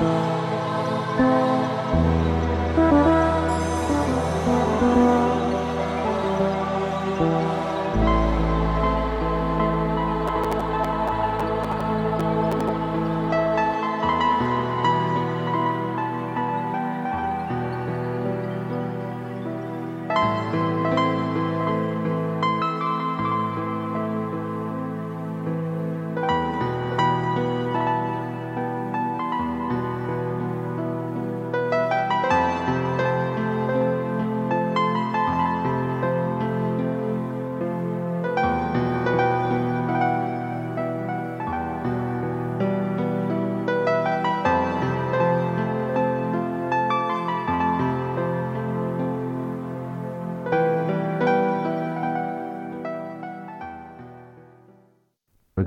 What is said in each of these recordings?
Bye.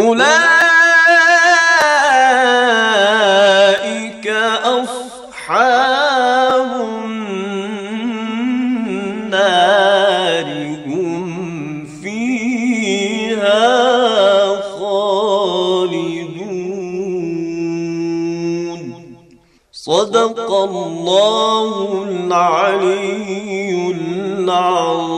أولئك أصحاب النار هم فيها خالدون صدق الله العلي العظيم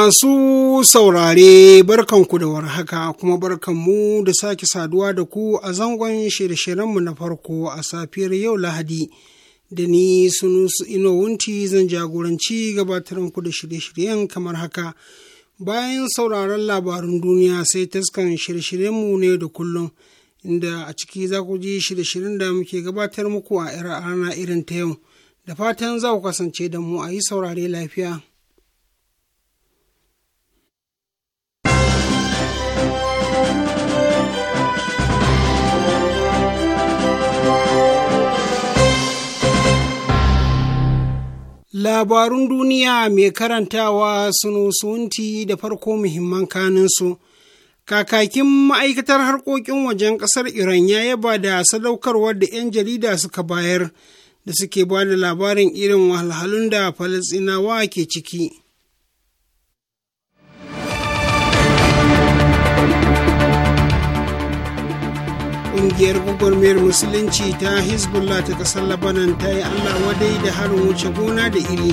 Masu saurare barkanku da warhaka kuma barkanmu da sake saduwa da ku a zangon shirye-shiryenmu na farko a safiyar yau Lahadi. Da ni sunusu ino wunti zan jagoranci gabatar ku da shirye-shiryen kamar haka. Bayan sauraron labarun duniya sai taskan shirye-shiryenmu ne da kullum, inda a ciki za ku ji shirye-shiryen da muke gabatar muku a rana irin ta yau. Da fatan za ku kasance da mu a yi saurare lafiya. Labarun duniya mai karantawa sunti da farko muhimman kaninsu. Kakakin ma'aikatar harkokin wajen ƙasar Iran ya yaba da sadaukarwar da 'yan jarida suka bayar da suke ba da labarin irin wahalhalun da Falasɗinawa ke ciki. kungiyar gwagwarmayar musulunci ta hezbollah ta kasar labanan ta yi allah wadai da harin wuce gona da iri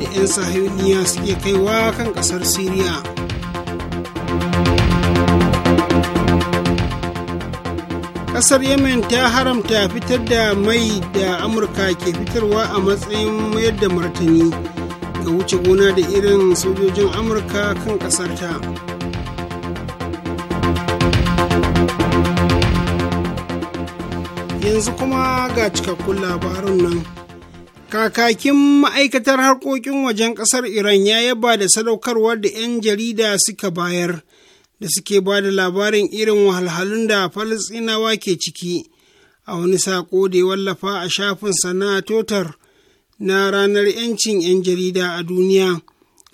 da 'yan sahiyuniya suke kaiwa kan kasar syria kasar yemen ta haramta fitar da mai da amurka ke fitarwa a matsayin mayar da martani ga wuce gona da irin sojojin amurka kan kasarta. ta yanzu kuma ga cikakkun labarun nan. Kakakin ma'aikatar harkokin wajen ƙasar Iran ya yaba da sadaukarwar da 'yan jarida suka bayar, da suke ba da labarin irin wahalhalun da falisinawa ke ciki, a wani saƙo da ya wallafa a shafin sana'a totar na ranar 'yancin 'yan jarida a duniya.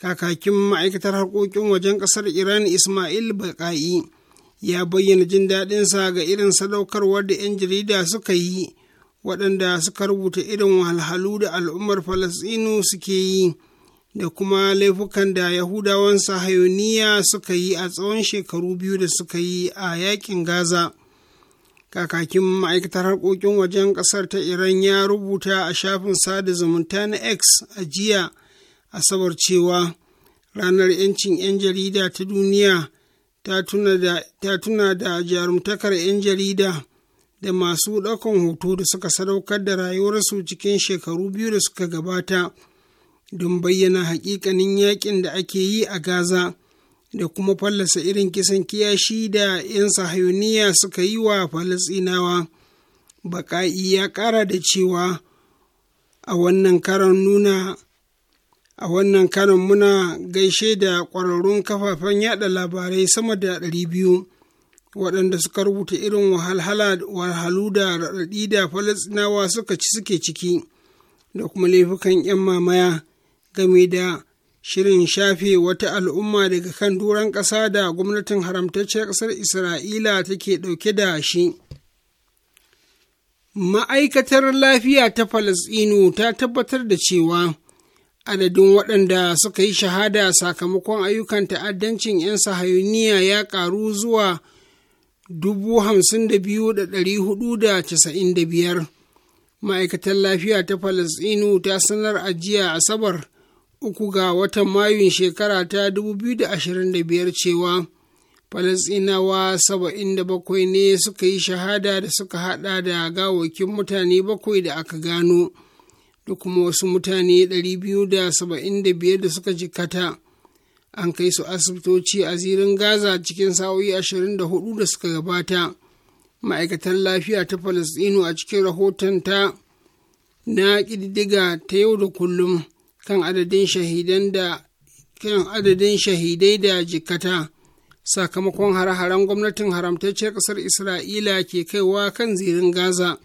Kakakin ma'aikatar harkokin wajen ƙasar Iran Ismail Baƙa'i. ya bayyana jin daɗinsa ga irin sadaukarwar da 'yan jarida suka yi waɗanda suka rubuta irin wahalhalu da al'ummar falasɗinu suke yi da kuma laifukan da yahudawan sahayoniya suka yi a tsawon shekaru biyu da suka yi a yakin gaza kakakin ma'aikatar harkokin wajen ƙasar ta iran ya rubuta a shafin sada zumunta na x a jiya asabar cewa ranar 'yancin 'yan jarida ta duniya ta tuna da jarumtakar 'yan jarida da masu ɗaukan hoto da suka sadaukar da rayuwarsu cikin shekaru biyu da suka gabata don bayyana hakikanin yaƙin da ake yi a Gaza da kuma fallasa irin kisan kiyashi da 'yan sahayuniya suka yi wa Falasinawa. Baƙa'i ya ƙara da cewa a wannan karan nuna A wannan kanon muna gaishe da ƙwararrun kafafen yada labarai sama da ɗari biyu waɗanda suka rubuta irin wahalhalu da raɗaɗi da Falasɗinawa suka ci suke ciki da kuma laifukan 'yan mamaya game da shirin shafe wata al'umma daga kan doron ƙasa da gwamnatin haramtacciyar ƙasar Isra'ila take ɗauke da shi. Ma'aikatar lafiya ta Falasɗinu ta tabbatar da cewa. adadin waɗanda suka yi shahada sakamakon ayyukan ta'addancin 'yan sahayuniya ya ƙaru zuwa 52,495 ma'aikatar lafiya ta falasɗinu ta sanar a jiya asabar uku ga watan mayun shekara ta 2025 cewa falasɗinawa 77 ne suka yi shahada da suka haɗa da gawakin mutane bakwai da aka gano. da kuma wasu mutane 275 da suka jikata an kai su asibitoci a zirin gaza cikin sa'o'i 24 da suka gabata ma'aikatan lafiya ta falasɗinu a cikin rahoton na ƙididdiga ta yau da kullum kan adadin shahidan da kan adadin shahidai da jikata sakamakon hare-haren gwamnatin haramtacciyar ƙasar isra'ila ke kaiwa kan zirin gaza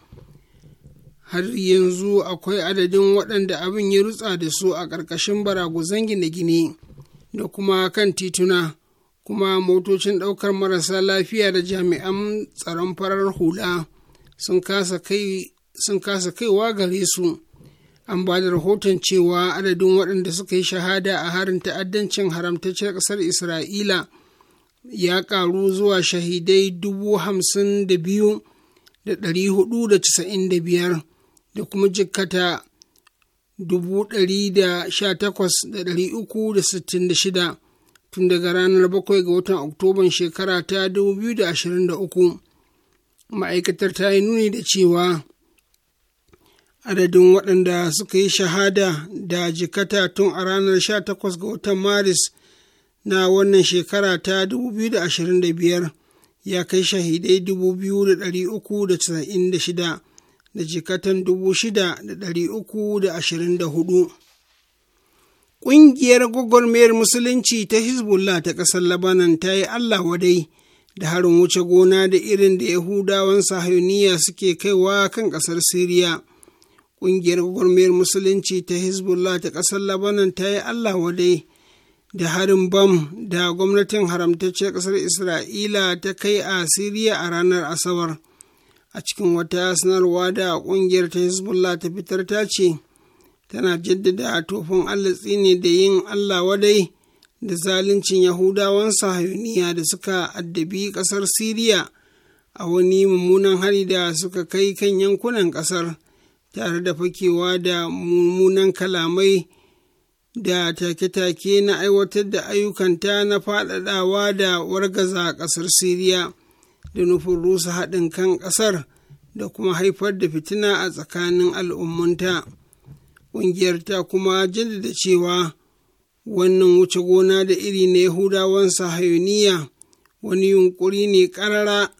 har yanzu akwai adadin waɗanda abin ya rutsa da su a ƙarƙashin baraguzan gine-gine da kuma kan tituna kuma motocin ɗaukar marasa lafiya da jami'an tsaron farar hula sun kasa kaiwa gare su an ba da rahoton cewa adadin waɗanda suka yi shahada a harin ta'addancin haramtacciyar ƙasar isra'ila ya ƙaru zuwa shahidai dubu hamsin da biyu da ɗari hudu da casa'in da biyar da kuma jikkata shida tun daga ranar bakwai ga watan Oktoban shekara ta 2023. Ma'aikatar ta yi nuni da cewa adadin waɗanda suka yi shahada da jikata tun a ranar sha takwas ga watan Maris na wannan shekara ta 2025 ya kai shahidai shida da jikatan dubu shida da ɗari uku da ashirin da hudu. Ƙungiyar gwagwarmayar Musulunci ta Hezbollah ta ƙasar Labanan ta yi Allah wadai da harin wuce gona da irin da Yahudawan sahayuniya suke kaiwa kan ƙasar Siriya. Ƙungiyar gwagwarmayar Musulunci ta Hezbollah ta ƙasar Labanan ta yi Allah wadai da harin bam da gwamnatin haramtacciyar ƙasar Isra'ila ta kai a Siriya a ranar Asabar. a cikin wata sanarwa da ƙungiyar ta hezbollah ta fitar ta ce tana jaddada tofin allatsi ne da yin allah wadai da zaluncin yahudawan sahayuniya da suka addabi ƙasar siriya a wani mummunan hari da suka kai kan yankunan ƙasar tare da fakewa da mummunan kalamai da take-take na aiwatar da ayyukanta na faɗaɗawa da wargaza ƙasar siriya da nufin rusa haɗin kan ƙasar da kuma haifar da fitina a tsakanin al'ummunta ƙungiyar ta kuma jaddada cewa wannan wuce gona da iri na yahudawan sahayuniya wani yunƙuri ne ƙarara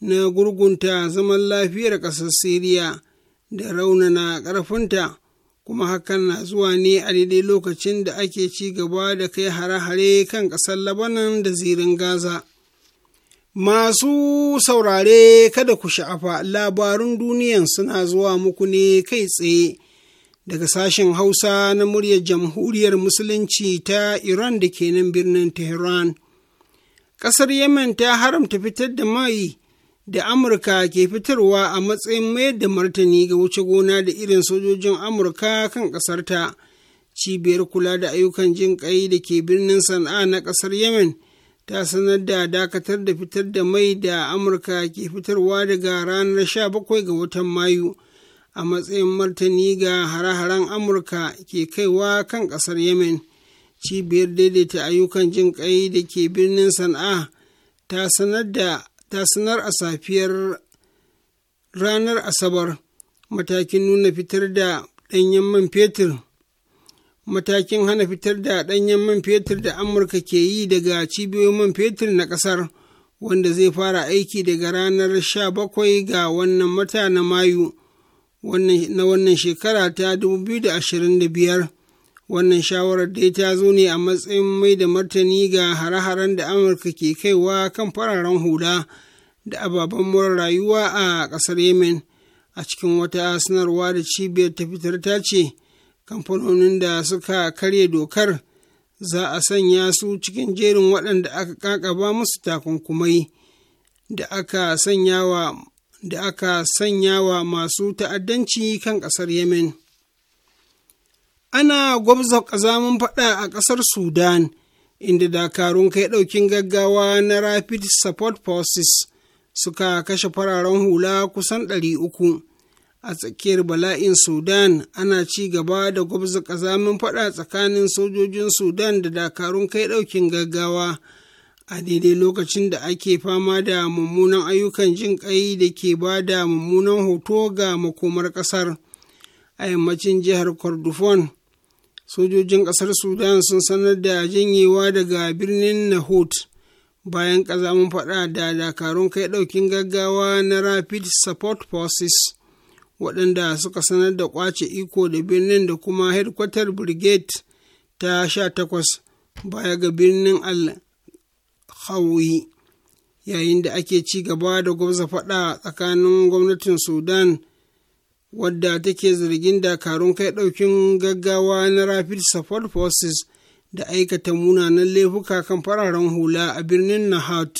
na gurgunta zaman lafiyar ƙasar siriya da raunana ƙarfinta kuma hakan na zuwa ne a daidai lokacin da ake ci gaba da kai hare-hare kan ƙasar labanan da zirin gaza Masu saurare kada ku sha'afa labarun duniyan suna zuwa muku ne kai tsaye daga sashen Hausa na muryar Jamhuriyar Musulunci ta Iran da ke nan birnin Tehran. Ƙasar Yemen ta haramta fitar da mai da Amurka ke fitarwa a matsayin mayar da martani ga wuce gona da irin sojojin Amurka kan ƙasarta. Cibiyar kula da ayyukan jin ƙai da ke birnin Sana'a na ƙasar Yemen. ta sanar da dakatar da fitar da mai da amurka ke fitarwa daga ranar 17 ga watan mayu a matsayin martani ga hare-haren amurka ke kaiwa kan kasar yemen cibiyar daidaita ayyukan jin kai da ke birnin sana'a ta sanar a safiyar ranar asabar matakin nuna fitar da danyen man fetur matakin hana fitar da ɗanyen man fetur da amurka ke yi daga cibiyoyin man fetur na ƙasar wanda zai fara aiki daga ranar 17 ga wannan mata na mayu na wannan shekara ta 2025 wannan shawarar dai ta zo ne a matsayin mai da martani ga hare-haren da amurka ke kaiwa kan fararen hula da ababen mura rayuwa a ƙasar yemen a cikin wata sanarwa da cibiyar ta fitar ta ce kamfanonin da suka karya dokar za a sanya su cikin jerin waɗanda aka ƙaƙaba musu takunkumai da aka sanya wa da aka sanya wa masu ta'addanci kan ƙasar Yemen. Ana gwabza ƙazamin faɗa a ƙasar Sudan, inda dakarun kai ɗaukin gaggawa na Rapid Support Forces suka kashe fararen hula kusan ɗari uku a tsakiyar bala'in sudan ana ci gaba da gwabza ƙazamin faɗa tsakanin sojojin sudan da dakarun kai ɗaukin gaggawa a daidai lokacin da ake fama da mummunan ayyukan jin kai da ke ba da mummunan hoto ga makomar kasar a yammacin jihar kordofon sojojin kasar sudan sun sanar da janyewa daga birnin nahut bayan ƙazamin faɗa da dakarun kai ɗaukin gaggawa na rapid support forces waɗanda suka sanar da ƙwace iko da birnin da kuma headquarter brigade ta sha takwas baya ga birnin al yayin da ake ci gaba da gwamza faɗa tsakanin gwamnatin sudan wadda take zargin dakarun kai ɗaukin gaggawa na rapid support forces da aikata munanan laifuka kan fararen hula a birnin nahat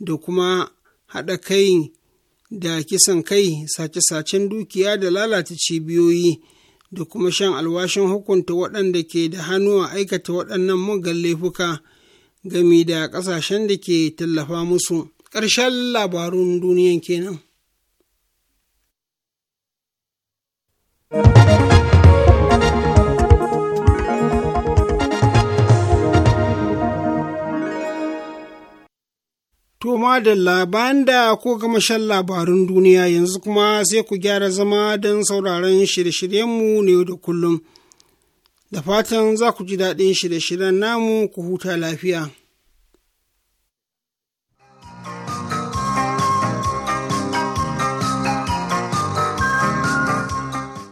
da kuma haɗa kai da kisan kai sace-sacen dukiya da lalata cibiyoyi da kuma shan alwashin hukunta waɗanda ke da hannu a aikata waɗannan mugan laifuka gami da ƙasashen da ke tallafa musu ƙarshen labarun duniyan kenan. To madalla bayan da ko gama shan labarun duniya yanzu kuma sai ku gyara zama don sauraron shirye-shiryenmu ne da kullum. Da fatan za ku ji daɗin shirye-shiryen namu ku huta lafiya.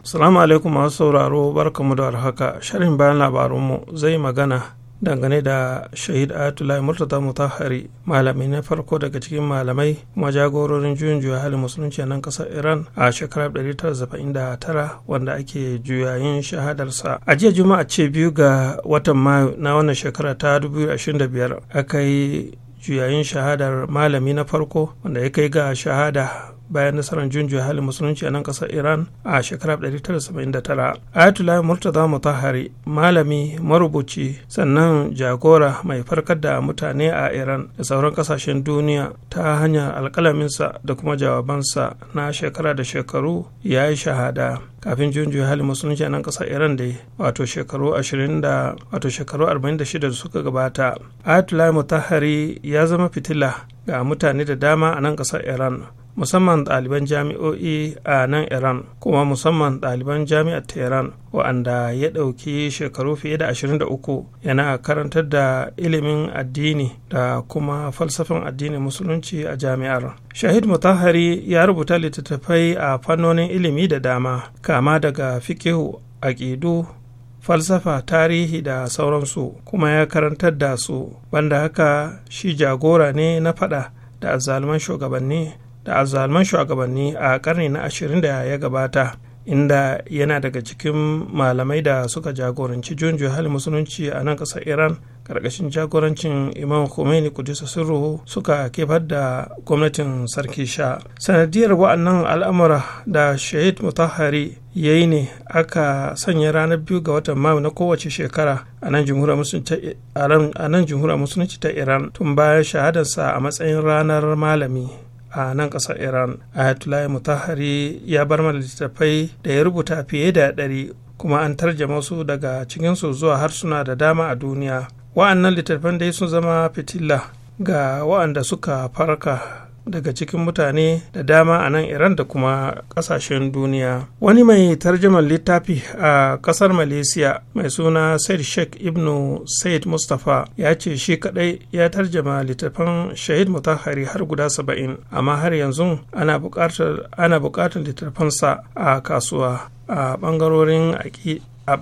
Salamu alaikum masu sauraro barkamu da warhaka, sharhin bayan labarunmu zai magana dangane da shahid ayatollah murtata mutahari malami na farko daga cikin malamai kuma jagororin juyin juya halin musulunci nan kasar iran a shekarar 1979 wanda ake juyayin shahadarsa a jiya juma'a ce biyu ga watan mayu na wannan shekara ta 2025 aka yi juyayin shahadar malami na farko wanda ya kai ga shahada bayan nasarar junju halin musulunci a nan kasar iran a shekarar 1979 ayatollah murtaza mutahari malami marubuci sannan jagora mai farkar da mutane a iran da sauran kasashen duniya ta hanyar alkalaminsa da kuma jawabansa na shekara da shekaru ya yi shahada kafin junju halin musulunci a nan kasar iran da wato shekaru 20 wato shekaru 46 da suka gabata ayatollah mutahari ya zama fitila ga mutane da dama a nan kasar iran musamman ɗaliban jami'o'i a nan iran kuma musamman ɗaliban jami'ar tehran wa'anda ya ɗauki shekaru fiye da 23 yana karantar da ilimin addini da kuma falsafin addinin musulunci a jami'ar shahid mutahari ya rubuta littattafai a fannonin ilimi da dama kama daga fikihu aƙidu falsafa tarihi da sauransu kuma ya karantar da su banda haka shi jagora ne na faɗa da azzaluman shugabanni da azalman shugabanni a karni na ashirin da ya gabata inda yana daga cikin malamai da suka jagoranci junjo hali musulunci a nan ƙasar iran karkashin jagorancin imam khomeini kudisa sirru suka kefar da gwamnatin sarki sha sanadiyar wa'annan al'amura da shahid mutahari ya yi ne aka sanya ranar biyu ga watan mayu na kowace shekara a nan jamhuriyar musulunci ta iran tun bayan shahadarsa a matsayin ranar malami a nan ƙasar iran ayatollah mutahari ya bar mana littattafai da ya rubuta fiye da ɗari kuma an tarjama su daga su zuwa harsuna da dama a duniya wa'annan littattafan dai sun zama fitila ga wa'anda suka farka daga cikin mutane da dama a nan iran da kuma kasashen duniya wani mai tarjaman littafi a kasar malaysia mai suna said sheikh ibnu said mustapha ya ce shi kadai ya tarjama littafan shahid mutahari har guda saba'in amma har yanzu ana bukatar littafansa a kasuwa a bangarorin a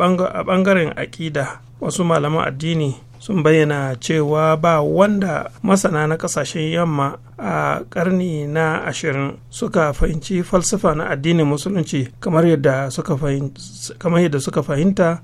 bangaren aƙida wasu malaman addini sun bayyana cewa ba wanda masana na kasashen yamma a karni na ashirin suka fahimci falsafa na addinin musulunci kamar yadda suka fahimta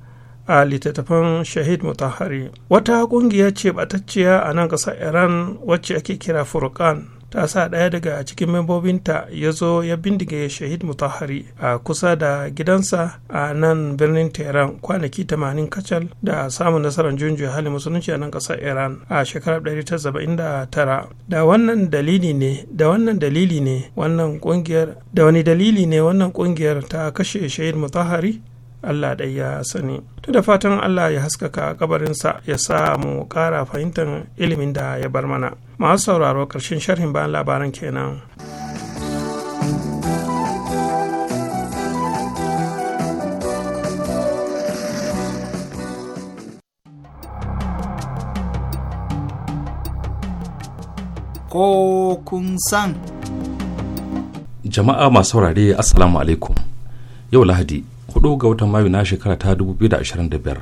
a littattafan shahid mutahari wata kungiya ce batacciya a nan ƙasa iran wacce ake kira furqan ta sa ɗaya daga cikin membobinta ya zo ya bindige shahid mutahari a kusa da gidansa a nan birnin tehran kwanaki tamanin kacal da samun nasarar junjiya hali musulunci a nan ƙasar iran a shekarar 1979 da wannan dalili ne da wannan da wani dalili ne wannan ƙungiyar ta kashe shahid mutahari Allah ɗai ya sani. To da fatan Allah ya haskaka kabarinsa ya sa mu ƙara fahimtar ilimin da ya bar mana. Masu sauraro ƙarshen sharhin bayan labaran kenan. Ko kun san. Jama'a masu saurare Assalamu alaikum. Yau Lahadi hudu ga watan mayu na shekara ta 2025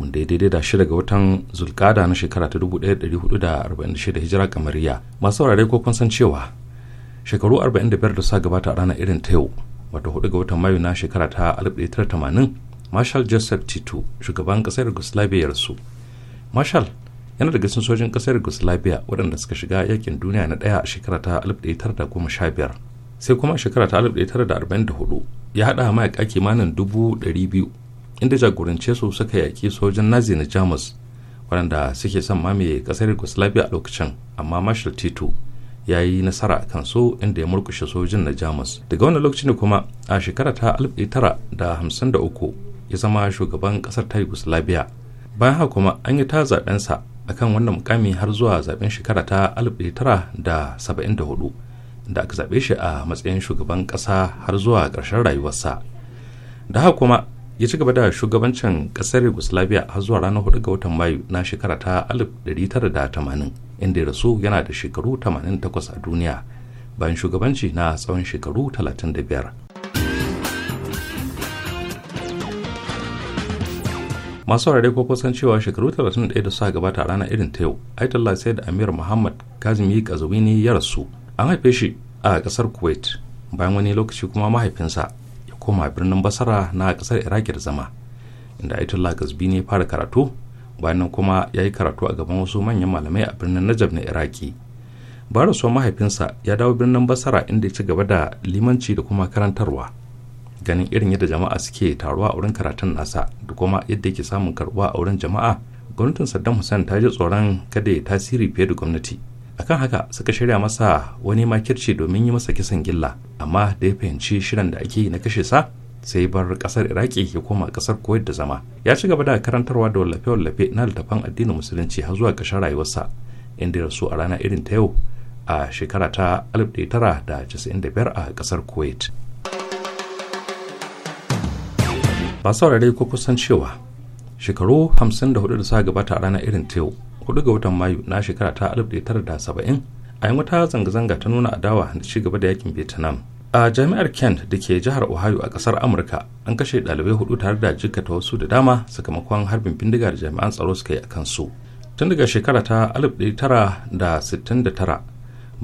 wanda ya daidai da shi ga watan zulkada na shekara ta 1446 hijira kamariya masu saurare ko kun san cewa shekaru 45 da sa gabata a ranar irin ta yau wata hudu ga watan mayu na shekara ta 1980 marshal joseph tito shugaban kasar yugoslavia rasu marshal yana daga cikin sojin kasar yugoslavia waɗanda suka shiga yakin duniya na ɗaya a shekara ta 1915 sai kuma a shekara ta 1944 ya haɗa mayaƙa kimanin dubu ɗari biyu inda jagorance su suka yaƙi sojin nazi na jamus waɗanda suke son mamaye ƙasar yugoslavia a lokacin amma marshal tito ya yi nasara a kansu inda ya murkushe sojin na jamus daga wani lokacin kuma a shekara ta 1953 ya zama shugaban ƙasar ta yugoslavia bayan haka kuma an yi ta zaɓensa akan wannan mukami har zuwa zaɓen shekara ta 1974 da aka zaɓe shi a matsayin shugaban ƙasa har zuwa ƙarshen rayuwarsa da haka kuma ya ci gaba da shugabancin ƙasar yugoslavia har zuwa ranar 4 ga watan mayu na shekara ta 1980 inda ya rasu yana da shekaru 88 a duniya bayan shugabanci na tsawon shekaru 35 masu rarrai ko kusan cewa shekaru 31 da suka gabata a ranar irin ta yau sai da amir muhammad kazimi kazawini ya rasu an haife shi a kasar kuwait bayan wani lokaci kuma mahaifinsa ya koma birnin basara na kasar iraki da zama inda aitullah gazbi ne fara karatu bayan nan kuma ya yi karatu a gaban wasu manyan malamai a birnin najab na iraki bayan rasuwar mahaifinsa ya dawo birnin basara inda ya ci gaba da limanci da kuma karantarwa ganin irin yadda jama'a suke taruwa a wurin karatun nasa da kuma yadda yake samun karbuwa a wurin jama'a gwamnatin saddam hussein ta ji tsoron kada ya tasiri fiye da gwamnati akan haka suka shirya masa wani makirci domin yi masa kisan gilla amma da ya fahimci shirin da ake yi na kashe sa sai bar kasar iraki ya koma kasar kuwait da zama ya ci gaba da karantarwa da wallafe-wallafe na littafan addinin musulunci har zuwa ƙarshen rayuwarsa inda ya rasu a rana irin ta yau a shekara ta 1995 a kasar kuwait ba saurare ko kusan cewa shekaru 54 da suka gabata a rana irin ta yau 4 ga watan mayu na shekara ta 1970 a yin wata zanga-zanga ta nuna adawa da ci gaba da yakin vietnam a jami'ar kent da ke jihar ohio a kasar amurka an kashe dalibai hudu tare da jikkata wasu da dama sakamakon harbin bindiga da jami'an tsaro suka yi a kansu tun daga shekara ta 1969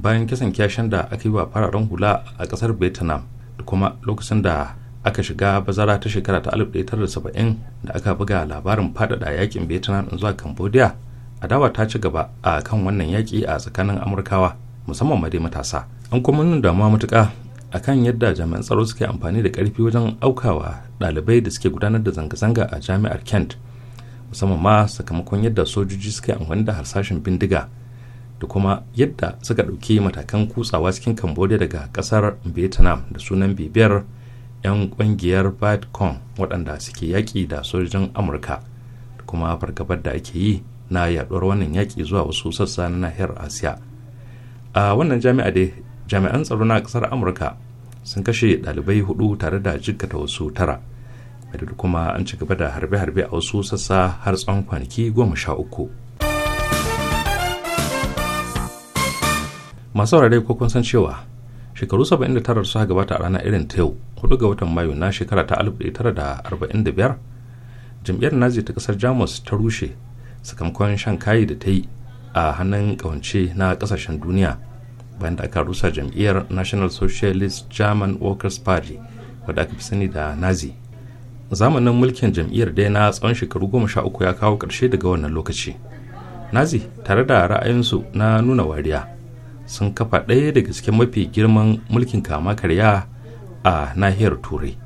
bayan kisan kyashen da aka yi wa fararen hula a kasar vietnam da kuma lokacin da aka shiga bazara ta shekara ta 1970 da aka buga labarin faɗaɗa yakin vietnam zuwa cambodia adawa ta ci gaba a kan wannan yaƙi a tsakanin amurkawa musamman ma dai matasa an kuma nuna damuwa matuka a kan yadda jami'an tsaro suke amfani da ƙarfi wajen aukawa ɗalibai da suke gudanar da zanga-zanga a jami'ar kent musamman ma sakamakon yadda sojoji suke amfani da harsashin bindiga da kuma yadda suka ɗauki matakan kutsawa cikin cambodia daga ƙasar vietnam da sunan bibiyar 'yan ƙungiyar vietcong waɗanda suke yaƙi da sojojin amurka da kuma fargabar da ake yi na yaɗuwar wannan yaƙi zuwa wasu sassa na nahiyar asiya a wannan jami'a dai jami'an tsaro na ƙasar amurka sun kashe ɗalibai hudu tare da jikkata wasu tara da kuma an ci gaba da harbe-harbe a wasu sassa har tsawon kwanaki goma sha uku masu saurare ko kun san cewa shekaru 79 suka gabata a ranar irin ta yau 4 ga watan mayu na shekara ta 1945 jam'iyyar nazi ta kasar jamus ta rushe sakamakon shan kayi da ta yi a hannun kawance na kasashen duniya bayan da aka rusa jam'iyyar national socialist german workers party wadda aka fi sani da nazi zamanin mulkin jam'iyyar dai na tsawon shekaru goma sha uku ya kawo ƙarshe daga wannan lokaci nazi tare da ra'ayinsu na nuna wariya sun kafa ɗaya da gaske mafi girman mulkin kama karya a nahiyar turai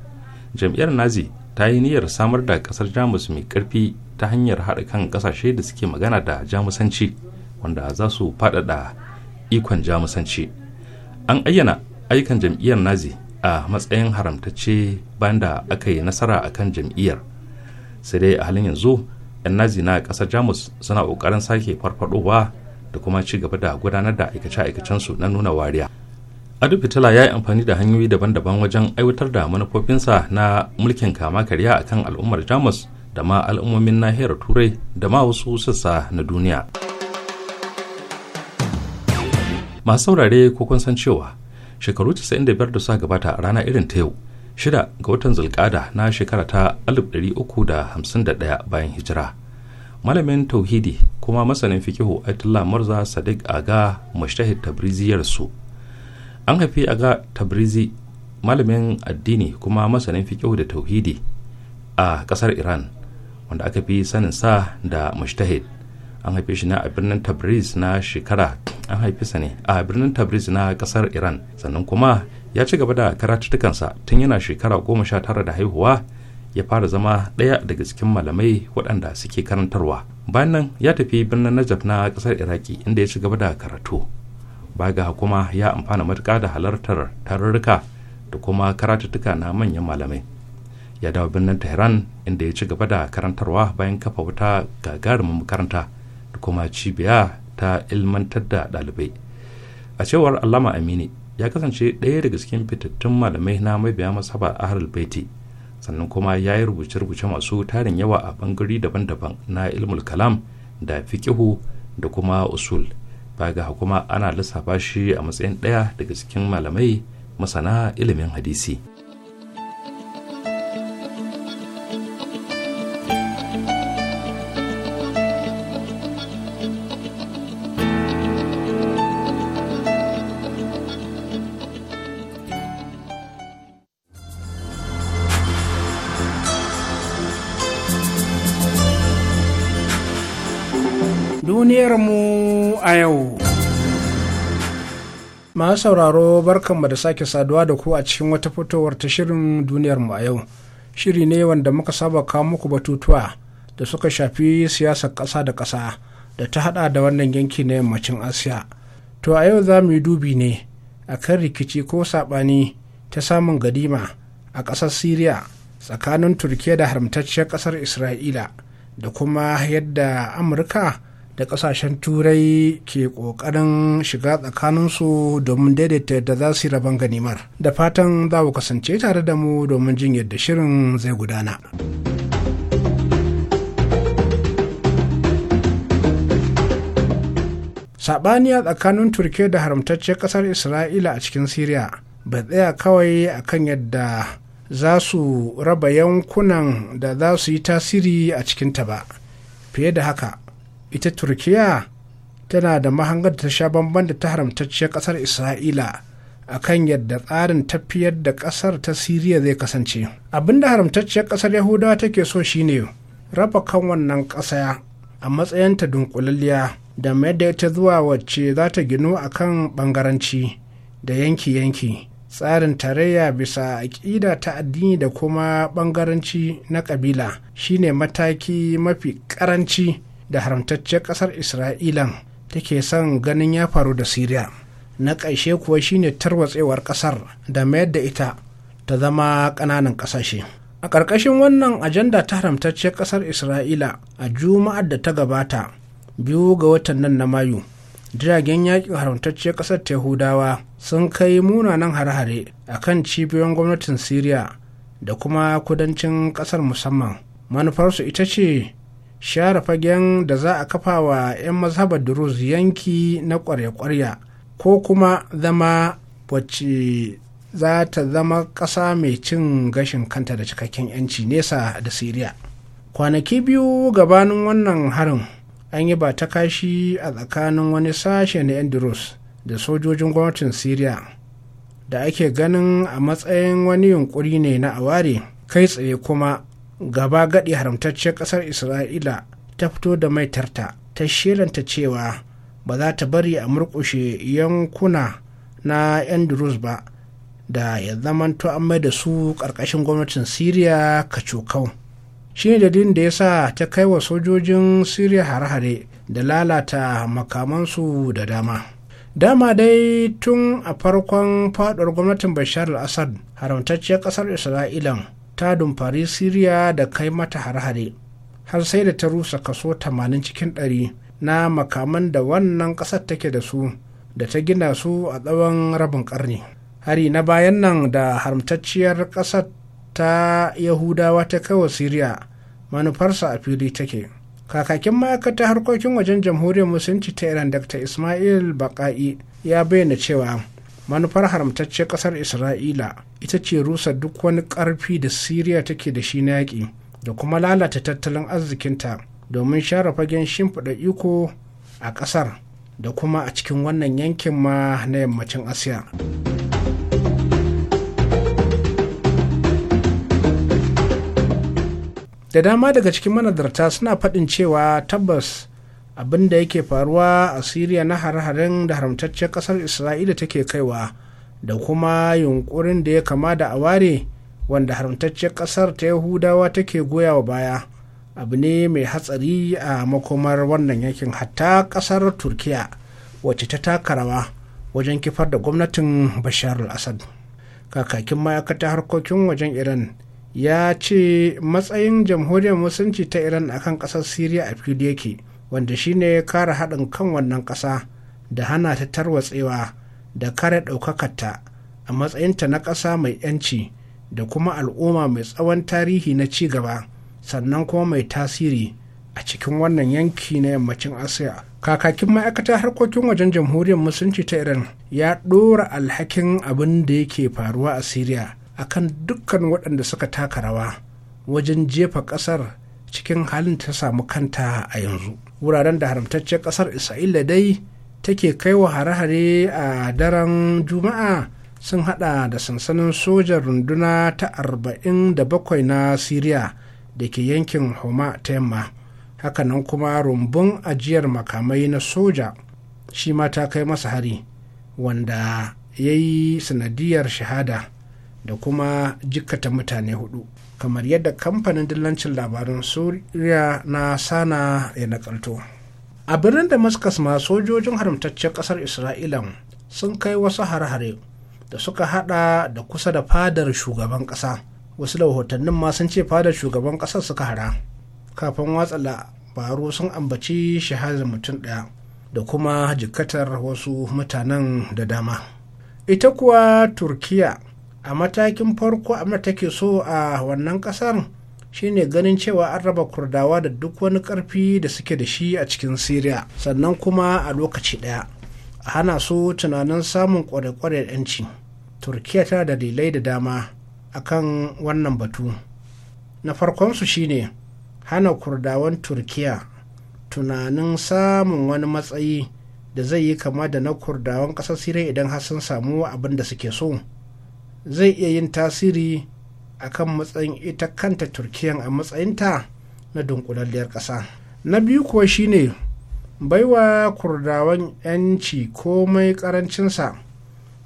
jam'iyyar nazi ta yi niyyar samar da ƙasar jamus mai ƙarfi ta hanyar haɗa kan ƙasashe da suke magana da jamusanci wanda za su faɗaɗa ikon jamusanci an ayyana ayyukan jam'iyyar nazi a matsayin haramtacce bayan da aka yi nasara a kan jam'iyyar sai dai a halin yanzu 'yan nazi na ƙasar jamus suna ƙoƙarin sake farfaɗowa da kuma ci gaba da gudanar da aikace-aikacensu na nuna wariya adu fitila ya yi amfani da hanyoyi daban-daban wajen aiwatar da manufofinsa na mulkin kama karya akan al'ummar jamus da ma al'ummomin nahiyar turai da ma wasu sassa na duniya masu saurare ko kun san cewa shekaru 95 da suka gabata a rana irin ta yau shida ga watan zulkada na shekara ta 1351 bayan hijira malamin tauhidi kuma masanin fikihu aitullah murza sadiq aga mashtahid tabrizi ya an haifi aga tabrizi malamin addini kuma masanin fikihu da tauhidi a kasar iran wanda aka fi sanin sa da mushtahid an haife shi ne a birnin tabriz na shekara an haife sa ne a birnin tabriz na kasar iran sannan kuma ya ci gaba da karatutukansa tun yana shekara goma sha tara da haihuwa ya fara zama ɗaya daga cikin malamai waɗanda suke karantarwa bayan nan ya tafi birnin najaf na kasar iraki inda ya ci gaba da karatu ba ga kuma ya amfana matuƙa da halartar tarurruka da kuma karatuttuka na manyan malamai ya dawo birnin tehran inda ya ci gaba da karantarwa bayan kafa wata gagarumin makaranta da kuma cibiya ta ilmantar da ɗalibai a cewar allama amini ya kasance ɗaya daga cikin fitattun malamai na mabiya masaba a baiti sannan kuma ya yi rubuce-rubuce masu tarin yawa a bangare daban-daban na ilmul kalam da fikihu da kuma usul baga kuma ana lissafa shi a matsayin ɗaya daga cikin malamai masana ilimin hadisi. yau. Masu sauraro barkanmu da sake saduwa da ku a cikin wata fitowar ta shirin duniyar mu a yau. Shiri ne wanda muka saba kawo muku batutuwa da suka shafi siyasar ƙasa da ƙasa da ta haɗa da wannan yanki na yammacin Asiya. To a yau za mu yi dubi ne a kan rikici ko saɓani ta samun gadima a ƙasar Siriya tsakanin Turkiyya da haramtacciyar ƙasar Isra'ila da kuma yadda Amurka da kasashen turai ke kokarin shiga tsakaninsu domin daidaita yadda za su yi rabon ganimar da fatan za ku kasance tare da mu domin jin yadda shirin zai gudana saɓaniya tsakanin Turkiyya da haramtaccen ƙasar isra'ila a cikin Siriya ba tsaya kawai akan yadda za su raba yankunan da za su yi tasiri a cikinta ba fiye da haka ita turkiya tana da mahangar ta sha bamban da ta haramtacciyar ƙasar isra'ila a kan yadda tsarin tafiyar da ƙasar ta siriya zai kasance abin da haramtacciyar ƙasar yahudawa take so shine raba kan wannan ƙasa a matsayinta dunkulalliya da mayar da ita zuwa wacce za ta ginu a kan bangaranci da yanki-yanki tsarin tarayya bisa aƙida ta addini da kuma ɓangaranci na ƙabila shine mataki mafi ƙaranci da haramtacciyar ƙasar Isra'ila take son ganin ya faru da siriya na ƙarshe kuwa shine tarwatsewar ƙasar da mayar da ita ta zama ƙananan ƙasashe a ƙarƙashin wannan ajanda ta haramtacciyar ƙasar isra'ila a juma'ar da ta gabata biyu ga watan nan na mayu jiragen yaƙin haramtacciyar ƙasar yahudawa sun kai munanan hare-hare a kan cibiyoyin gwamnatin siriya da kuma kudancin ƙasar musamman manufarsu ita ce share fagen da za a kafa wa 'yan mazhabar Druze yanki na kwarya-kwarya ko kuma zama wacce za ta zama ƙasa mai cin gashin kanta da cikakken 'yanci nesa da siriya kwanaki biyu gabanin wannan harin an yi ba ta kashi a tsakanin wani sashe na 'yan Druze da sojojin gwamnatin siriya da ake ganin a matsayin wani yunkuri ne na aware kai tsaye kuma gaba gadi haramtacciyar kasar isra'ila ta fito da maitarta ta shelanta cewa ba za ta bari a murkushe yankuna na 'yan durus ba da ya to an mai da su ƙarƙashin gwamnatin siriya kacokau shi ne dalilin da ya sa ta kai wa sojojin siriya hare-hare da lalata makamansu da dama dama dai tun a farkon faɗuwar gwamnatin bashar al-assad haramtacciyar ƙasar isra'ilan ta dumfari siriya da kai mata har-hare har sai da ta rusa kaso 80 cikin ɗari. na makaman da wannan ƙasar take da su da ta gina su a tsawon rabin ƙarni hari na bayan nan da haramtacciyar ƙasar ta yahudawa ta kawo siriya manufarsa a fili take kakakin ma'aikatar harkokin wajen jamhuriyar musulunci ta iran dr ismail Baƙa'i ya bayyana cewa manufar haramtacciyar kasar isra'ila ita ce rusa duk wani karfi da siriya take da shi na yaƙi da kuma lalata tattalin arzikinta domin share fagen shimfiɗa iko a ƙasar da kuma a cikin wannan yankin ma na yammacin asiya da dama daga cikin manazarta suna faɗin cewa tabbas abin da yake faruwa a siriya na hare-haren da haramtaccen kasar isra'ila take kaiwa da kuma yunkurin da ya kama da a ware wanda haramtaccen kasar ta yahudawa take goya wa baya abu ne mai hatsari a makomar wannan yankin hatta kasar turkiya wacce ta taka rawa wajen kifar da gwamnatin bashar al-assad kakakin ma'aikatar harkokin wajen iran ya ce matsayin jamhuriyar musulunci ta iran akan kasar siriya a fili yake wanda shine kare haɗin kan wannan ƙasa da hana ta tarwatsewa da kare ɗaukakarta a matsayinta na ƙasa mai 'yanci da kuma al'umma mai tsawon tarihi na ci gaba sannan kuma mai tasiri a cikin wannan yanki na yammacin asiya kakakin ma'aikatar harkokin wajen jamhuriyar musulunci ta iran ya ɗora alhakin abin da yake faruwa a syria akan dukkan waɗanda suka taka rawa wajen jefa ƙasar cikin halin ta samu kanta a yanzu wuraren da haramtaccen ƙasar isra'ila dai take kai wa hare-hare a daren juma'a sun hada da sansanin sojan runduna ta arba'in da bakwai na siriya da ke yankin homa ta yamma hakanan kuma rumbun ajiyar makamai na soja shi ma ta kai masa hari wanda ya yi sanadiyar shahada da kuma jikkata mutane hudu kamar yadda kamfanin dillancin labarin, suriya na sana ya nakalto a birnin damascus ma sojojin haramtaccen kasar isra'ila sun kai wasu har-hare da suka hada da kusa da fadar shugaban kasa wasu rahotannin ma sun ce fadar shugaban kasar suka hara kafin watsa labaru sun ambaci shahadar mutum daya da kuma jikatar wasu mutanen da dama ita kuwa turkiya a matakin farko abinda take so a wannan kasar shine ganin cewa an raba kurdawa da duk wani karfi da suke da shi a cikin Siriya. sannan kuma a lokaci daya a hana su tunanin samun kware-kware yanci turkiya ta dalilai da dama a kan wannan batu na farkonsu shine hana kurdawan turkiya tunanin samun wani matsayi da zai yi kama da na kurdawan ƙasar siriya idan har samu abin da suke so zai iya yin tasiri a kan matsayin ita kanta turkiyan a matsayinta na dunkulalliyar ƙasa na biyu kuwa shine baiwa kurdawan 'yanci komai karancinsa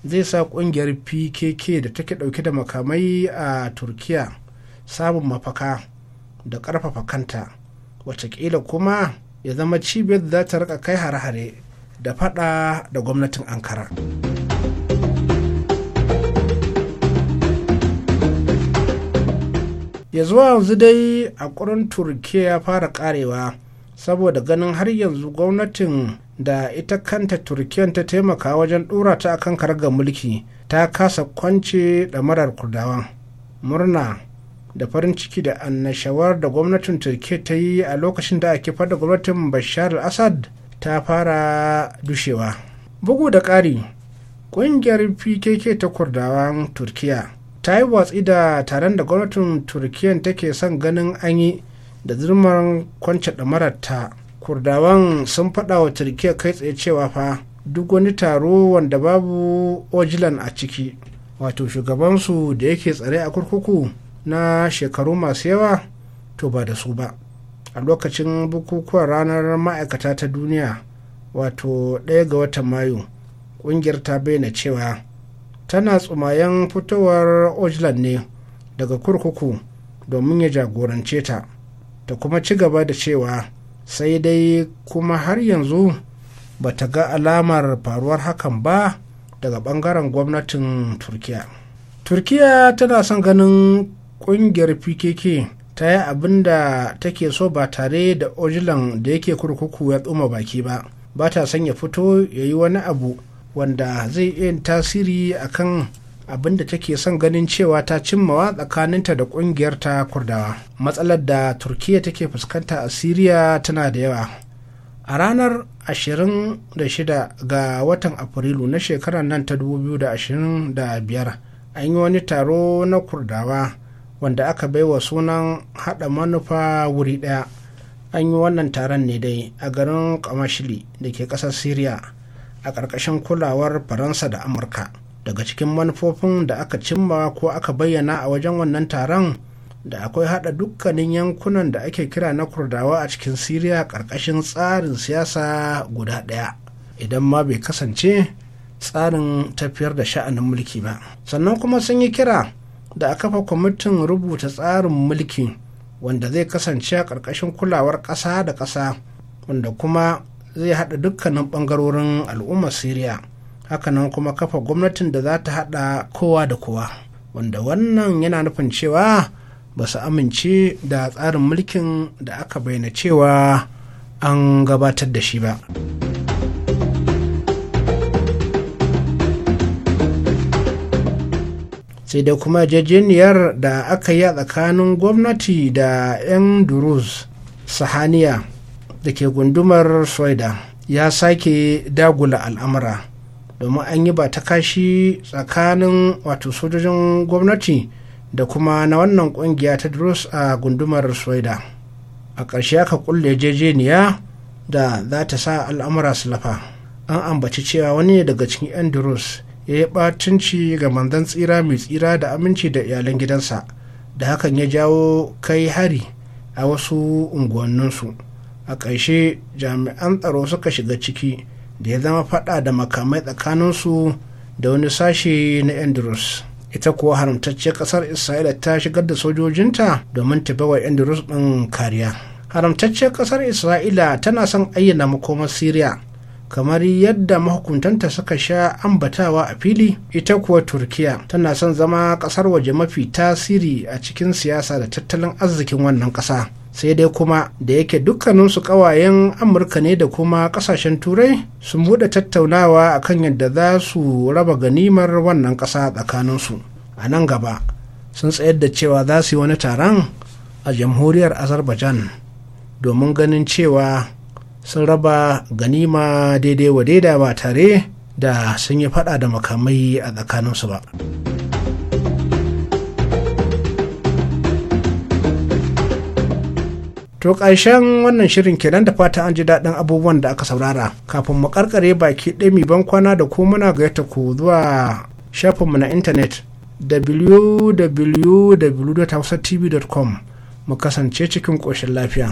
zai sa kungiyar pkk da take dauke da makamai a turkiya samun mafaka da karfafa kanta watakila kuma ya zama cibiyar da za ta rika kai hare-hare da fada da gwamnatin ankara. ya zuwa yanzu dai a ƙurin turkiya ya fara karewa saboda ganin har yanzu gwamnatin da ita kanta turkiyan ta taimaka wajen dora ta akan karga mulki ta kasa kwance ɗamarar kurdawan murna da farin ciki da annashawar da gwamnatin turkiya ta yi a lokacin da ake fada gwamnatin bashar al-assad ta fara dushewa bugu da ƙari ƙungiyar pkk ta kurdawan turkiya ta yi watsi da taron da gwamnatin turkiyyar take son ganin an yi da zurmar kwance ta. kurdawan sun faɗa wa turkiyya kai tsaye cewa fa duk wani taro wanda babu ojilan a ciki wato shugabansu da yake tsare a kurkuku na shekaru masu yawa to ba da su ba a lokacin bukukuwan ranar ma'aikata ta duniya wato ɗaya ga watan mayu ƙungiyar ta bayyana cewa tana tsumayen fitowar ojlan ne daga kurkuku domin ya jagorance ta ta kuma ci gaba da cewa sai dai kuma har yanzu ba ta ga alamar faruwar hakan ba daga bangaren gwamnatin turkiya turkiya tana son ganin kungiyar pkk ta yi abin da take so ba tare da ojilan da yake kurkuku ya tsuma baki ba ba ta son ya fito ya yi wani abu wanda zai iya tasiri akan abin da take son ganin cewa ta cimmawa tsakaninta da kungiyar ta kurdawa matsalar da turkiya take fuskanta a siriya tana da yawa a ranar 26 ga watan afrilu na shekarar nan ta 2025 an yi wani taro na kurdawa wanda aka baiwa sunan hada manufa wuri daya an yi wannan taron ne dai a garin kamashili da ke kasar Siriya. a ƙarƙashin kulawar faransa da amurka daga cikin manufofin da aka cimma ko aka bayyana a wajen wannan taron da akwai hada dukkanin yankunan da ake kira na kurdawa a cikin siriya ƙarƙashin tsarin siyasa guda ɗaya idan ma bai kasance tsarin tafiyar da sha'anin mulki ba sannan kuma sun yi kira da a kafa kwamitin rubuta tsarin mulki wanda zai kasance a ƙarƙashin kulawar ƙasa da ƙasa wanda kuma zai haɗa dukkanin bangarorin al'ummar syria hakanan kuma kafa gwamnatin da za ta haɗa kowa da kowa wanda wannan yana nufin cewa ba su amince da tsarin mulkin da aka bayyana cewa an gabatar da shi ba. sai da kuma jejeniyar da aka yi a tsakanin gwamnati da 'yan duruz sahaniya da ke gundumar soida ya sake dagula al'amura domin an yi ba ta kashi tsakanin wato sojojin gwamnati da kuma na wannan kungiya ta durus a gundumar soida a ƙarshe aka kulle jejeniya da za ta sa al'amura su lafa an ambaci cewa wani daga cikin 'yan drus ya yi ɓatunci ga manzan tsira mai tsira da aminci da iyalan gidansa da hakan ya jawo kai hari a wasu unguwanninsu a ƙarshe jami'an tsaro suka shiga ciki da ya zama fada da makamai tsakaninsu da wani sashe na andrews ita kuwa haramtacciyar ƙasar isra'ila ta shigar da sojojinta domin tafi wa andrews ɗin kariya haramtacciyar ƙasar isra'ila tana son ayyana makomar Siriya. kamar yadda mahukuntanta suka sha ambatawa a fili ita kuwa turkiya tana son zama ƙasar waje mafi tasiri a cikin siyasa da tattalin arzikin wannan ƙasa. sai dai kuma da yake dukkaninsu kawayen amurka ne da kuma kasashen turai sun buɗe tattaunawa akan yadda za su raba ganimar wannan ƙasa tsakaninsu a nan gaba sun tsayar da cewa za su yi wani taron a jamhuriyar azerbaijan domin ganin cewa sun raba ganima daidai wa daida ba tare da sun yi fada da makamai a tsakaninsu ba. To ƙarshen wannan shirin kenan da fata an ji daɗin abubuwan da aka saurara. Kafin mu karkare baki ɗaya ban kwana da ko muna gayyata ku zuwa shafinmu na intanet www.hausatv.com mu kasance cikin ƙoshin lafiya.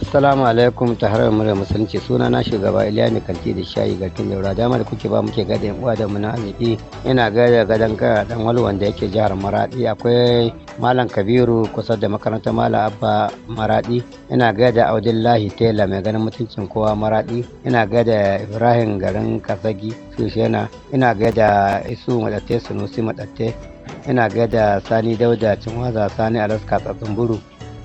assalamu alaikum ta harar murya musulunci suna na shugaba iliya mai kanti da shayi garkin daura dama da kuke ba muke gada yan uwa da mu na arziki ina gada gadan kara dan wani wanda yake jihar maradi akwai malam kabiru kusa da makarantar malam abba maradi ina gada audillahi tela mai ganin mutuncin kowa maradi ina gada ibrahim garin kasagi shushena ina gada isu madatte sunusi madatte ina gada sani dauda cinwaza sani alaska tsatsun buru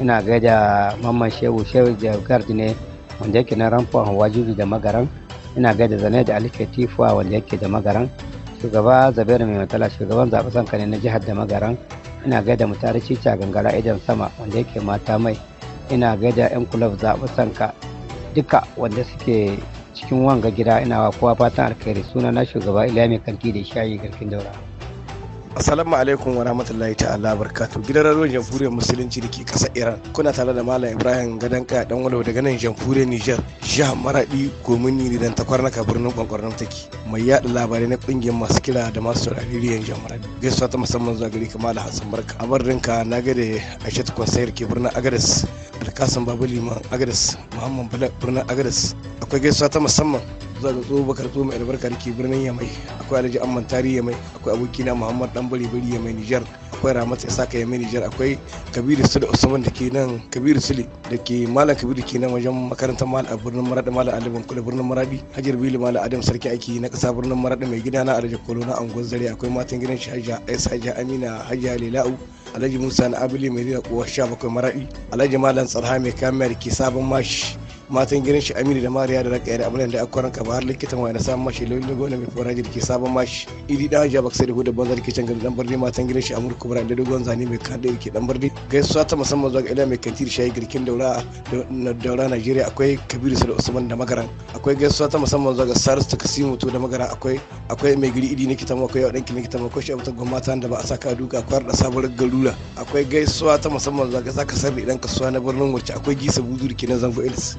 ina gaida mamman shehu shehu jagar ne wanda yake na a wajibi da magaran ina gaida zane da tifuwa wanda yake da magaran shugaba zabera mai matala shugaban zaɓe sanka ne na jihar da magaran ina gaida mutare cica gangara idan sama wanda yake mata mai ina gaida yan kulab zaɓe sanka duka wanda suke cikin wanga gida ina wa kowa fatan alkhairi suna na shugaba ilami kanti da shayi garkin daura. Assalamu alaikum wa rahmatullahi ta'ala barkatu. Gidan radio Jamhuriyar Musulunci da ke kasa Iran. Kuna tare da Malam Ibrahim Gadanka dan walau daga nan Jamhuriyar Niger, jihar Maradi, Gomini da dan takwarnaka birnin Kwankwarnan take. Mai yaɗa labarai na ƙungiyar masu kira da masu saurari riyan jamhuriyar Maradi. Gaisuwa ta musamman zuwa gari kamar Hassan Barka. A barinka na gade da Aishat sayar ke birnin Agadas, Alkasan Babu Liman Agadas, Muhammad Bala birnin Agadas. Akwai gaisuwa ta musamman ka zo baka zo mai albarka da ke birnin yamai akwai alhaji amman tari yamai akwai abokina muhammad dan bari bari yamai nijar akwai isa ka yamai nijar akwai kabiru sule usman da ke nan kabiru sule da ke malam kabiru ke nan wajen makarantar mal a birnin maradi malam aliban kula birnin maradi hajar bili malam adam sarki ake na kasa birnin maradi mai gida na alhaji kolo na angon zare akwai matan gidan shi hajja aisa hajja amina hajja lela'u alhaji musa na abili mai zina kowa sha bakwai maradi alhaji malam tsarha mai kamar ke sabon mashi matan gidan shi aminu da mariya da raka yare abin da akwaran ka ba har likitan wani samun mashi lauyi da gona mai faraji da ke sabon mashi iri dan ja baksa da hudu banza da ke can gari dan birni matan gidan shi amurka kuma da dogon zane mai kada da ke dan birni gaisuwa ta musamman zuwa ga ila mai kanti da shayi girkin daura daura najeriya akwai kabiru da usman da magaran akwai gaisuwa ta musamman zuwa ga sars ta kasimu to da magaran akwai akwai mai giri idi likitan mu akwai yawadanki likitan mu akwai shabutan gwamnati da ba a saka duka akwai da sabon garura akwai gaisuwa ta musamman zuwa ga zaka sarri idan kasuwa na birnin wacce akwai gisa budu da ke na zango ilis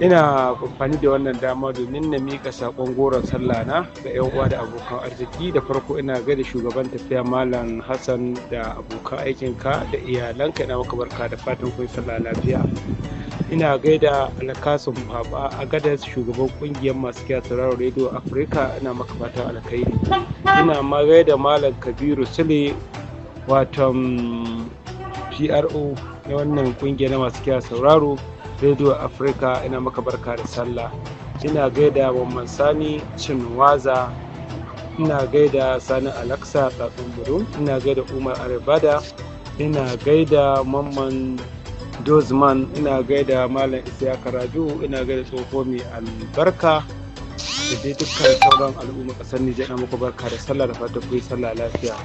ina amfani da wannan dama domin na mika sakon goron sallah na ga yan uwa da abokan arziki da farko ina gaida shugaban tafiya malam hassan da abokan aikinka da iyalanka ina maka barka da fatan kun sallah lafiya ina gaida alkasun baba a gadar shugaban kungiyar masu kiya sauraron radio afirka ina maka fatan alkhairi ina ma gaida malam kabiru sule waton pro na wannan kungiyar masu kiya sauraro radio africa ina maka barka da sallah ina gaida mamman sani Chinwaza, ina gaida sani alaksa tsatsun budu ina gaida umar aribada ina gaida mamman dozman ina gaida malam isiyaka rabiu ina gaida tsoho mai albarka da dai dukkan sauran al'umma kasar nijar na maka barka da sallah da fata kuyi sallah lafiya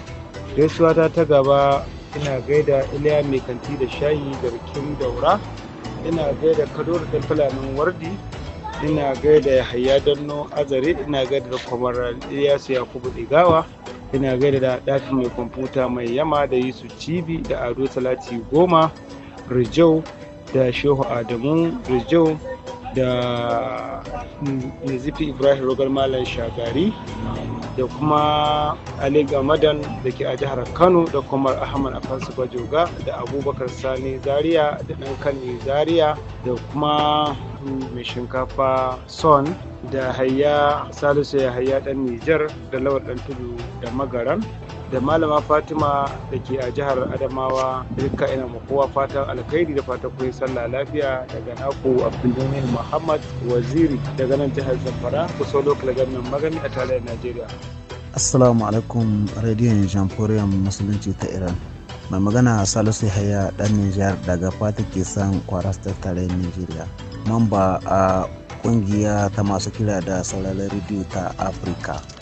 gaisuwa ta ta gaba ina gaida iliya mai kanti da shayi da rikin daura ina gaida kadoro da fulanin wardi ina gaida hayya danno azare ina gaida da kwamar iyasu yakubu digawa ina gaida da dafi mai kwamfuta mai yama da yusu cibi da ado salati goma rijau da shehu adamu rijau da nizifi ibrahim rogar malam shagari da kuma ali gamadan da ke a jihar kano da kuma ahmad afansu bajoga da abubakar sani zaria da dan kani zaria da kuma mai shinkafa son da hayya salisu ya hayya dan nijar da lawar dan tudu da magaran da malama fatima da ke a jihar adamawa duka ina kowa fatan alkhairi da fatan kun sallah lafiya daga naku abdulmumin muhammad waziri daga nan jihar zamfara ku solo kilagamin magani a tarayyar najeriya assalamu alaikum radiyon jamhuriyar musulunci ta iran mai magana salisu haya dan nijar daga fata ke san kwarastar ta tarayyar nigeria mamba a kungiya ta masu kira da sauraron rediyo ta afirka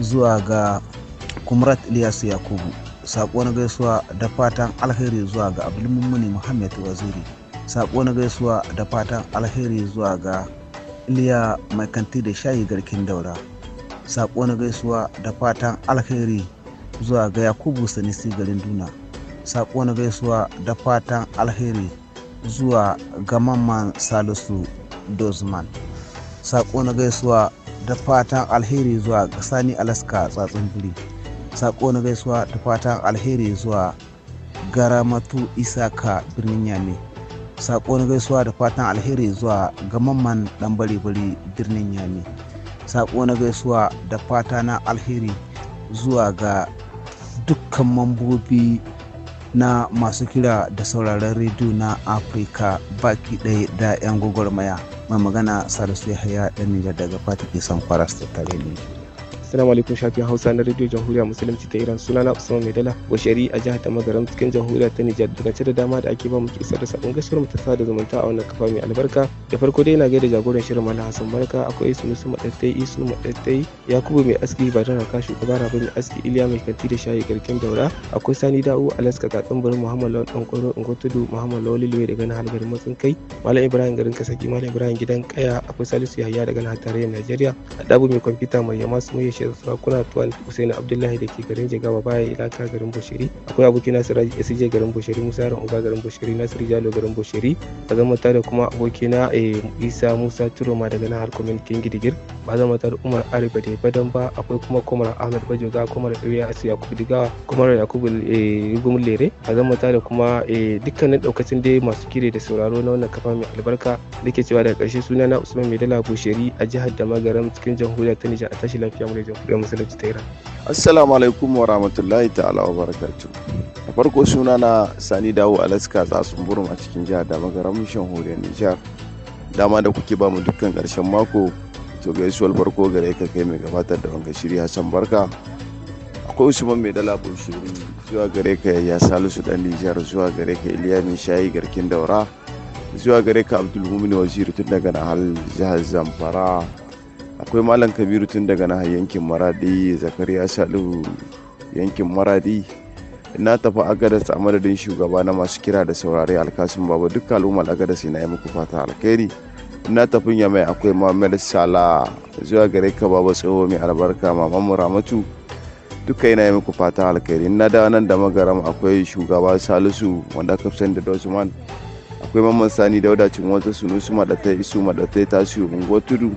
zuwa ga kumrat Ilyasu Yakubu. na gaisuwa da fatan alheri zuwa ga Abdulmumuni Muhammad Waziri. Saƙon gaisuwa da fatan alheri zuwa ga Iliya Mai Kanti da Shayi Garkin Daura. Saƙon gaisuwa da fatan alheri zuwa ga Yakubu Sanisi garin Duna. Saƙon gaisuwa da fatan alheri zuwa ga Mamman Salisu Dozman. Saƙon gaisuwa da fatan alheri zuwa sani alaska tsatsin biri sako na gaisuwa da fatan alheri zuwa garamatu isaka birnin yame sako na gaisuwa da fatan alheri zuwa gamamman dan bari-bari birnin yame sako na gaisuwa da fata na alheri zuwa ga dukkan mambobi na masu kira da sauraron rediyo na afirka baki ɗaya da 'yan gwagwarmaya mai magana salisu haya ɗan nijar daga fata ke son kwaras tattare ne Assalamu alaikum shafin Hausa na Radio Jamhuriya Musulunci ta Iran suna sunana Usman Maidala Bashari a jihar Tamagaram cikin Jamhuriya ta Nijar daga da dama da ake ba mu isar da sabon gaskiyar mu ta sada zumunta a wannan kafa mai albarka da farko dai ina gaida jagoran shirin Malam Hassan Barka akwai Isu Musu Madattai Isu Madattai Yakubu mai aski ba da raka shugaba Rabi mai aski Iliya mai kanti da shayi garken daura akwai Sani Da'u Alaska Katsin Bari Muhammad Lawan go tudu Muhammad Lawal Liwe daga nan halgarin matsin kai Malam Ibrahim garin Kasaki Malam Ibrahim gidan Kaya akwai Salisu Yahaya daga nan tarayyar Najeriya dabu mai kwamfuta mai yama su mai kungiyar sarakuna tuwan Usaini Abdullahi da ke garin Jigawa baya ilaka garin Bushiri. Akwai abokina Siraji SJ garin Bushiri, Musa Yaron Uba garin Bushiri, Nasiru Jalo garin Bushiri. Ba zan da kuma abokina eh, Isa Musa Turoma daga nahar Kwamin King Gidigir. Ba zan da Umar Arifa da Badan ba. Akwai kuma Komar Ahmed Bajoga, Komar Ɗauya Asu Yakubu Digawa, Kwamar Yakubu eh, Gumun Lere. Ba zan da kuma eh, dukkanin daukacin dai masu kire da sauraro na wannan kafa mai albarka da ke cewa daga ƙarshe sunana Usman Maidala Bushiri a jihar Damagaram cikin jamhuriyar ta Nijar a tashi lafiya mu da kuɗe musulunci ta iran assalamu alaikum wa rahmatullahi ta'ala wa barakatu da farko suna na sani dawo alaska tsatsun burin a cikin jihar da magaram horiyar nijar dama da kuke bamu dukkan karshen mako to gaisuwar farko gare ka kai mai gabatar da wanga shiri hassan barka akwai usman mai dala bushiri zuwa gare ka ya salisu dan nijar zuwa gare ka iliya mai shayi garkin daura zuwa gare ka abdulmumin waziri tun daga hal jihar zamfara akwai malam kabiru tun daga na yankin maradi zakariya shaɗu yankin maradi na tafi agadas a madadin shugaba na masu kira da saurare alkasun Babu duk al'ummar agadas na yi muku fata alkhairi na tafi ya mai akwai mamar sala zuwa gare ka babu tsoho mai albarka maman muramatu ramatu duka yana yi muku fata alkhairi na dawa nan da magaram akwai shugaba salisu wanda aka fi da dosman akwai mamman sani dauda cin wata sunusu madatai isu madatai tasiru unguwar tudu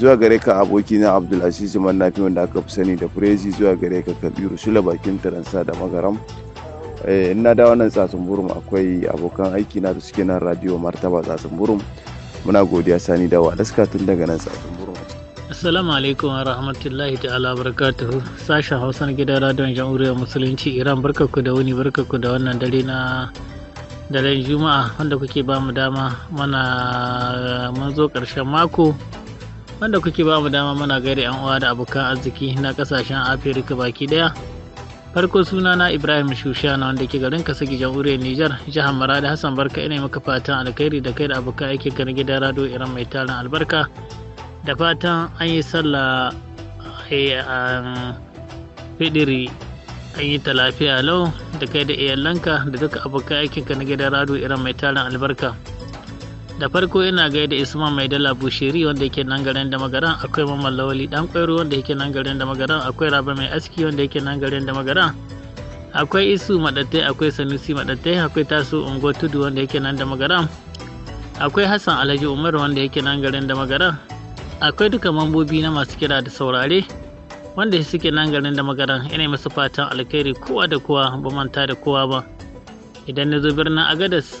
zuwa gare ka abokina abdulaziz mannafi wanda aka fi sani da furezi zuwa gare ka kabiru shula bakin taransa da magaram eh, ina dawo nan tsatsun burum akwai abokan aiki na da suke nan radio martaba tsatsun burum muna godiya sani da wadaska tun daga nan tsatsun burum Assalamu alaikum wa rahmatullahi ta'ala barakatuhu sashen hausa na gidan radiyon jamhuriyar musulunci iran barkaku da wuni barkaku da wannan dare na daren juma'a wanda kuke ba mu dama mana mun zo ƙarshen mako wanda kuke ba mu dama muna gaida yan uwa da abokan arziki na kasashen afirka baki daya farko suna na ibrahim shushana wanda ke garin kasagi jamhuriyar nijar jihar maradi hassan barka ina maka fatan alkhairi da kai da abokan aiki garin gidan rado iran mai tarin albarka da fatan an yi sallah eh, a fidiri an yi ta lafiya lau da kai da iyalanka da duka abokan aikinka na gidan rado iran mai tarin albarka da farko ina gaida isma mai dala bushiri wanda yake nan garin da magaran akwai mamman lawali dan kwairo wanda yake nan garin da magaran akwai raba mai aski wanda yake nan garin da magaran akwai isu madatai akwai sanusi madatai akwai taso ungo tudu wanda yake nan da magaran akwai hassan alhaji umar wanda yake nan garin da magaran akwai duka mambobi na masu kira da saurare wanda suke nan garin da magaran ina masu fatan alkhairi kowa da kowa ba manta da kowa ba idan na zo birnin agadas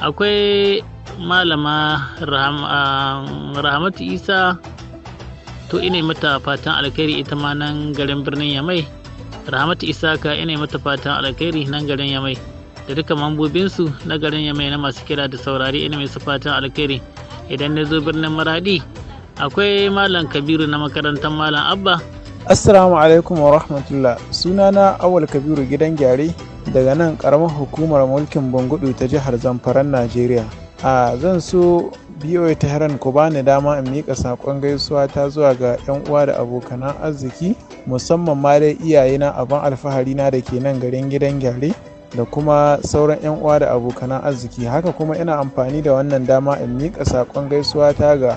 akwai malama um, rahamatu isa to ina mata fatan alkhairi ita ma nan garin birnin yamai rahamatu isa ka ina mata fatan alkhairi nan garin yamai da duka mambobinsu na garin yamai na masu kira da saurari ina mai su fatan alkhairi idan na zo birnin maradi akwai malam kabiru na makarantar malam abba assalamu alaikum wa rahmatullah sunana awal kabiru gidan gyare daga nan karamar hukumar mulkin bangudu ta jihar zamfaran najeriya a zan so biyo ta heran ku bani dama in miƙa saƙon gaisuwa ta zuwa ga 'yan uwa da abokanan arziki musamman ma dai iyayena abin alfahari na da ke nan garin gidan gyare da kuma sauran 'yan uwa da abokanan arziki haka kuma ina amfani da wannan dama in miƙa saƙon gaisuwa ta ga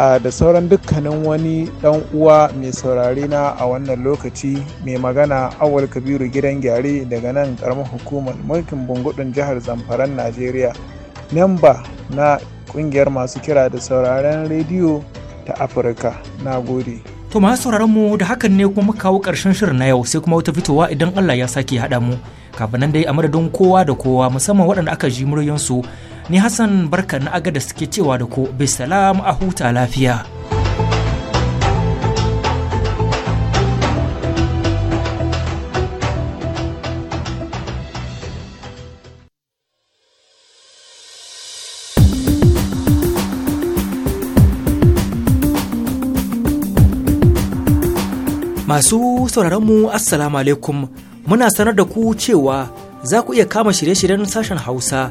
da sauran dukkanin wani dan uwa mai saurari na a wannan lokaci mai magana awal kabiru gidan gyare daga nan karamar hukumar mulkin bungudun jihar zamfaran najeriya memba na kungiyar masu kira da sauraren rediyo ta afirka na gode to masu sauraron mu da hakan ne kuma kawo karshen shirin na yau sai kuma wata fitowa idan allah ya sake haɗa mu kafin nan dai a madadin kowa da kowa musamman waɗanda aka ji muryansu ni Hassan barka na aga da suke cewa da ko bisalam a huta lafiya. Masu sauraronmu Assalamu alaikum muna sanar da ku cewa za ku iya kama shirye-shiryen sashen Hausa